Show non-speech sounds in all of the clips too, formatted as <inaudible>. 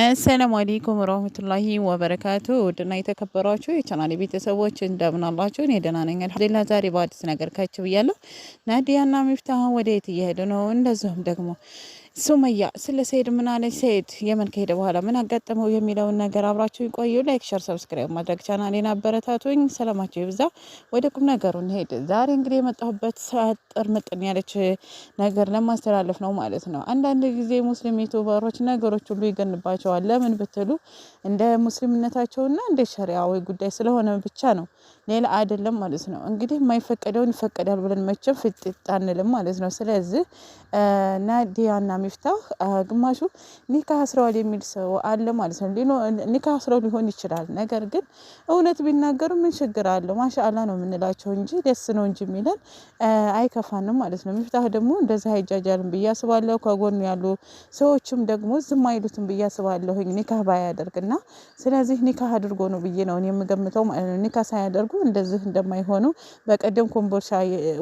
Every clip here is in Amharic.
አሰላሙ አለይኩም ወራህመቱላሂ ወበረካቱ። ውድና የተከበሯችሁ የቻናሌ ቤተሰቦች እንደምን አላችሁ? እኔ ደህና ነኝ አልሐምዱሊላህ። ዛሬ በአዲስ ነገር ካችሁ ብያለሁ። ናዲያና ሚፍታህ ወደ የት እየሄዱ ነው? እንደዚሁም ደግሞ ሱመያ ስለ ሰይድ ምን አለች? ሰይድ የመን ከሄደ በኋላ ምን አጋጠመው የሚለውን ነገር አብራችሁ ይቆዩ። ላይክ፣ ሸር፣ ሰብስክራይብ ማድረግ ቻናሌን አበረታቱኝ። ሰላማቸው ይብዛ። ወደ ቁም ነገሩ እንሄድ። ዛሬ እንግዲህ የመጣሁበት አጠር ምጥን ያለች ነገር ለማስተላለፍ ነው ማለት ነው። አንዳንድ ጊዜ ሙስሊም ዩቱበሮች ነገሮች ሁሉ ይገንባቸዋል። ለምን ብትሉ እንደ ሙስሊምነታቸውና እንደ ሸሪያዊ ጉዳይ ስለሆነ ብቻ ነው፣ ሌላ አይደለም ማለት ነው። እንግዲህ የማይፈቀደውን ይፈቀዳል ብለን መቼም ፍጥጥ አንልም ማለት ነው። ስለዚህ ናዲያና ሚፍታህ ግማሹ ኒካ አስረዋል የሚል ሰው አለ ማለት ነው። ኒካ አስረው ሊሆን ይችላል። ነገር ግን እውነት ቢናገሩ ምን ችግር አለው? ማሻአላ ነው የምንላቸው እንጂ ደስ ነው እንጂ የሚለን አይከፋንም ማለት ነው። ሚፍታህ ደግሞ እንደዚህ አይጃጃልም ብዬ አስባለሁ። ከጎኑ ያሉ ሰዎችም ደግሞ ዝም አይሉትም ብዬ አስባለሁኝ ኒካህ ባያደርግና። ስለዚህ ኒካህ አድርጎ ነው ብዬ ነው የምገምተው ማለት ነው። ኒካህ ሳያደርጉ እንደዚህ እንደማይሆኑ በቀደም ኮምቦልሻ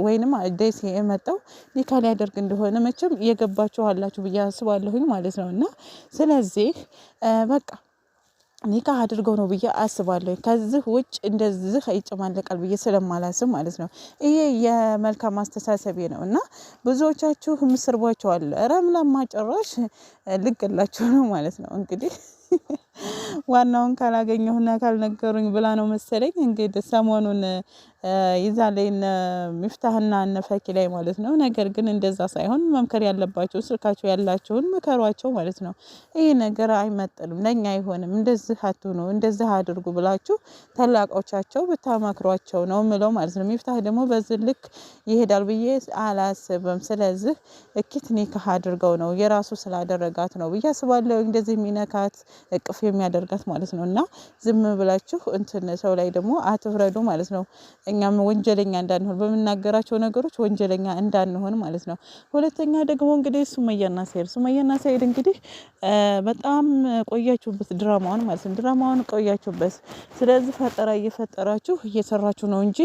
ወይንም ደሴ የመጣው ኒካህ ሊያደርግ እንደሆነ መቼም የገባችሁ ትችላላችሁ ብዬ አስባለሁኝ ማለት ነው። እና ስለዚህ በቃ ኒካ አድርገው ነው ብዬ አስባለሁ። ከዚህ ውጭ እንደዚህ ይጨማለቃል ብዬ ስለማላስብ ማለት ነው። ይሄ የመልካም አስተሳሰቤ ነው እና ብዙዎቻችሁ ምስርቧቸዋል ረምላማ ጭራሽ ልገላችሁ ነው ማለት ነው እንግዲህ ዋናውን ካላገኘሁና ካልነገሩኝ ብላ ነው መሰለኝ እንግዲህ ሰሞኑን ይዛ ላይ እነ ሚፍታህና እነ ፈኪ ላይ ማለት ነው። ነገር ግን እንደዛ ሳይሆን መምከር ያለባቸው ስልካቸው ያላቸውን ምከሯቸው ማለት ነው። ይህ ነገር አይመጥንም፣ ለእኛ አይሆንም፣ እንደዚህ አትሆኑ፣ እንደዚህ አድርጉ ብላችሁ ተላቆቻቸው ብታመክሯቸው ነው ምለው ማለት ነው። ሚፍታህ ደግሞ በዚህ ልክ ይሄዳል ብዬ አላስብም። ስለዚህ እኪት ኒካህ አድርገው ነው የራሱ ስላደረጋት ነው ብዬ አስባለሁ። እንደዚህ የሚነካት እቅፍ የሚያደርጋት ማለት ነው። እና ዝም ብላችሁ እንትን ሰው ላይ ደግሞ አትፍረዱ ማለት ነው። እኛም ወንጀለኛ እንዳንሆን በምናገራቸው ነገሮች ወንጀለኛ እንዳንሆን ማለት ነው። ሁለተኛ ደግሞ እንግዲህ ሱመያና ሰኢድ ሱመያና ሰኢድ እንግዲህ በጣም ቆያችሁበት ድራማውን ማለት ነው። ድራማውን ቆያችሁበት። ስለዚህ ፈጠራ እየፈጠራችሁ እየሰራችሁ ነው እንጂ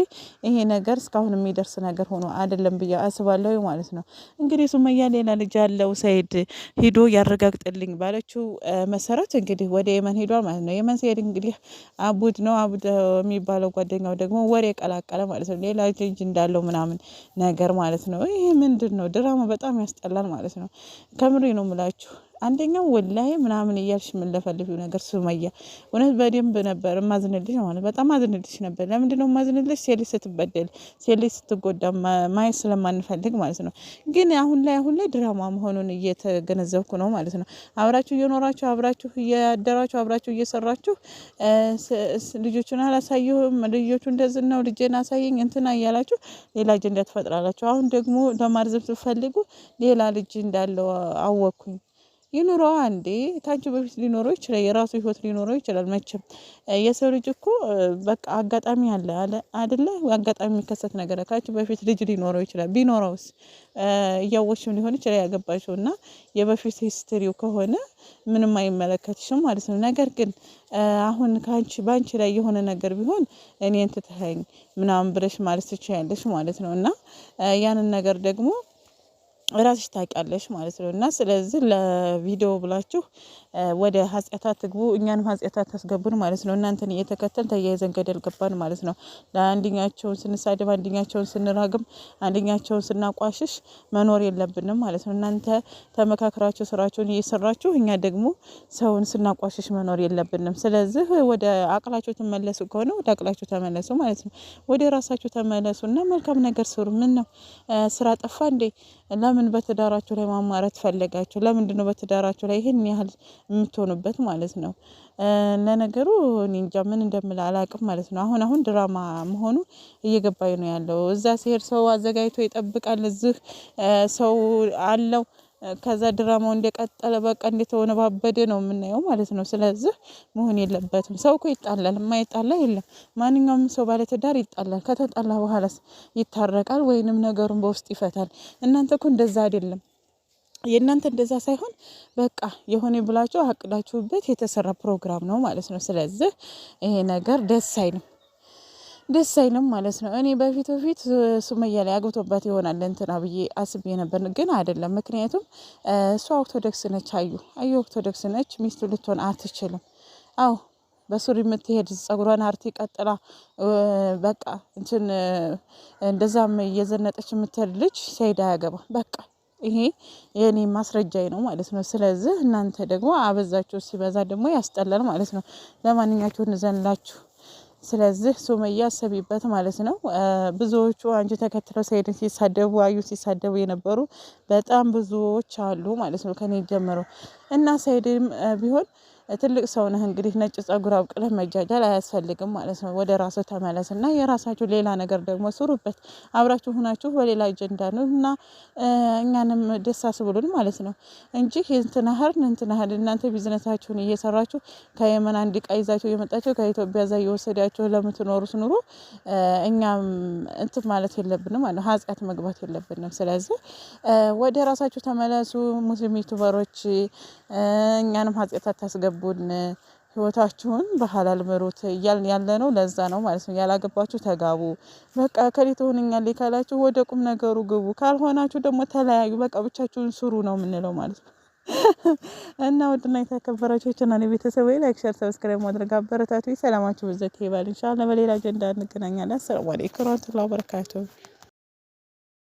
ይሄ ነገር እስካሁን የሚደርስ ነገር ሆኖ አይደለም ብዬ አስባለሁ ማለት ነው። እንግዲህ ሱመያ ሌላ ልጅ ያለው ሰኢድ ሂዶ ያረጋግጥልኝ ባለችው መሰረት እንግዲህ ወደ የመን ሄዷል ማለት ነው። የመን ሰኢድ እንግዲህ አቡድ ነው አቡድ የሚባለው ጓደኛው ደግሞ ወሬ ቀላል የተቀላቀለ ማለት ነው። ሌላ ልጅ እንዳለው ምናምን ነገር ማለት ነው። ይሄ ምንድን ነው? ድራማ በጣም ያስጠላል ማለት ነው። ከምሬ ነው የምላችሁ። አንደኛው ወላሂ ምናምን እያልሽ የምንለፈልፊው ነገር ሱመያ እውነት በደንብ ነበር ማዝንልሽ ማለት በጣም ማዝንልሽ ነበር። ለምንድን ነው ማዝንልሽ? ሴት ልጅ ስትበደል፣ ሴት ልጅ ስትጎዳ ማየት ስለማንፈልግ ማለት ነው። ግን አሁን ላይ አሁን ላይ ድራማ መሆኑን እየተገነዘብኩ ነው ማለት ነው። አብራችሁ እየኖራችሁ አብራችሁ እያደራችሁ አብራችሁ እየሰራችሁ ልጆቹን አላሳየሁም ልጆቹ እንደዚህ ነው ልጄን አሳየኝ እንትና እያላችሁ ሌላ አጀንዳ ትፈጥራላችሁ። አሁን ደግሞ ለማርዘብ ስትፈልጉ ሌላ ልጅ እንዳለው አወኩኝ ይኑረዋ አንዴ ታንቺ በፊት ሊኖረው ይችላል። የራሱ ህይወት ሊኖረው ይችላል። መቼም የሰው ልጅ እኮ በቃ አጋጣሚ አለ አለ አደለ? አጋጣሚ የሚከሰት ነገር ካንቺ በፊት ልጅ ሊኖረው ይችላል። ቢኖረውስ እያወሽም ሊሆን ይችላል ያገባሽው እና የበፊት ሂስትሪው ከሆነ ምንም አይመለከትሽም ማለት ነው። ነገር ግን አሁን ከአንቺ በአንቺ ላይ የሆነ ነገር ቢሆን እኔን ትተኸኝ ምናምን ብለሽ ማለት ትችያለሽ ማለት ነው እና ያንን ነገር ደግሞ ራስሽ ታውቂያለሽ ማለት ነው እና ስለዚህ ለቪዲዮ ብላችሁ ወደ ኃጢአት ትግቡ እኛንም ኃጢአት ታስገቡን ማለት ነው። እናንተን እየተከተል ተያይዘን ገደል ገባን ማለት ነው። ለአንድኛቸውን ስንሳደብ፣ አንደኛቸውን ስንራግም፣ አንድኛቸውን ስናቋሽሽ መኖር የለብንም ማለት ነው። እናንተ ተመካክራችሁ ስራችሁን እየሰራችሁ፣ እኛ ደግሞ ሰውን ስናቋሽሽ መኖር የለብንም። ስለዚህ ወደ አቅላችሁ ትመለሱ ከሆነ ወደ አቅላችሁ ተመለሱ ማለት ነው። ወደ ራሳችሁ ተመለሱ እና መልካም ነገር ስሩ። ምን ነው ስራ ጠፋ እንዴ? ለምን በትዳራችሁ ላይ ማማረት ፈለጋችሁ? ለምንድነው በትዳራችሁ ላይ ይህን ያህል የምትሆኑበት ማለት ነው። ለነገሩ እኔ እንጃ ምን እንደምል አላቅም ማለት ነው። አሁን አሁን ድራማ መሆኑ እየገባኝ ነው ያለው። እዛ ሲሄድ ሰው አዘጋጅቶ ይጠብቃል፣ እዚህ ሰው አለው። ከዛ ድራማው እንደቀጠለ በቃ እንደተወነባበደ ነው የምናየው ማለት ነው። ስለዚህ መሆን የለበትም። ሰው እኮ ይጣላል፣ የማይጣላ የለም። ማንኛውም ሰው ባለትዳር ይጣላል። ከተጣላ በኋላስ ይታረቃል ወይንም ነገሩን በውስጥ ይፈታል። እናንተ እኮ እንደዛ አይደለም። የእናንተ እንደዛ ሳይሆን በቃ የሆነ ብላችሁ አቅዳችሁበት የተሰራ ፕሮግራም ነው ማለት ነው። ስለዚህ ይሄ ነገር ደስ አይልም ደስ አይልም ማለት ነው። እኔ በፊት በፊት ሱመያ ላይ አግብቶባት ይሆናል እንትና ብዬ አስቤ ነበር፣ ግን አይደለም። ምክንያቱም እሷ ኦርቶዶክስ ነች። አዩ አዩ ኦርቶዶክስ ነች። ሚስቱ ልትሆን አትችልም። አዎ በሱሪ የምትሄድ ጸጉሯን አርቲ ቀጥላ በቃ እንትን እንደዛም እየዘነጠች የምትሄድ ልጅ ሰይድ አያገባ በቃ ይሄ የእኔ ማስረጃዬ ነው ማለት ነው። ስለዚህ እናንተ ደግሞ አበዛችሁ፣ ሲበዛ ደግሞ ያስጠላል ማለት ነው። ለማንኛችሁ እንዘንላችሁ ስለዚህ ሱመያ አሰቢበት ማለት ነው። ብዙዎቹ አንቺ ተከትለው ሰኢድን ሲሳደቡ አዩ ሲሳደቡ የነበሩ በጣም ብዙዎች አሉ ማለት ነው ከኔ ጀምሮ እና ሰኢድም ቢሆን ትልቅ ሰው ነህ እንግዲህ ነጭ ጸጉር አብቅለህ መጃጃል አያስፈልግም ማለት ነው። ወደ ራሱ ተመለስ እና የራሳችሁ ሌላ ነገር ደግሞ ስሩበት። አብራችሁ ሁናችሁ በሌላ አጀንዳ ነው እና እኛንም ደስ አስብሉን ማለት ነው እንጂ እንትና ህርን እናንተ ቢዝነሳችሁን እየሰራችሁ ከየመን አንድ ቃ ይዛችሁ እየመጣችሁ ከኢትዮጵያ ዛ እየወሰዳችሁ ለምትኖሩት ኑሮ እኛም እንትን ማለት የለብንም ማለት ነው። መግባት የለብንም። ስለዚህ ወደ ራሳችሁ ተመለሱ ሙስሊም ዩቱበሮች፣ እኛንም ኃጢአት አታስገቡ። ቡድን ህይወታችሁን በሀላል ምሩት እያልን ያለ ነው። ለዛ ነው ማለት ነው ያላገባችሁ ተጋቡ። በቃ ከሌት ሆንኛል ካላችሁ ወደ ቁም ነገሩ ግቡ፣ ካልሆናችሁ ደግሞ ተለያዩ። በቃ ብቻችሁን ስሩ ነው የምንለው ማለት ነው። <laughs> እና ውድና የተከበራችሁ ቻናል ቤተሰብ ወይ ላይክ፣ ሼር፣ ሰብስክራይብ ማድረግ አበረታቱ። ሰላማችሁ ብዘት ይባል። እንሻላ በሌላ አጀንዳ እንገናኛለን። አሰላሙ አለይኩም ወራህመቱላሂ ወበረካቱሁ።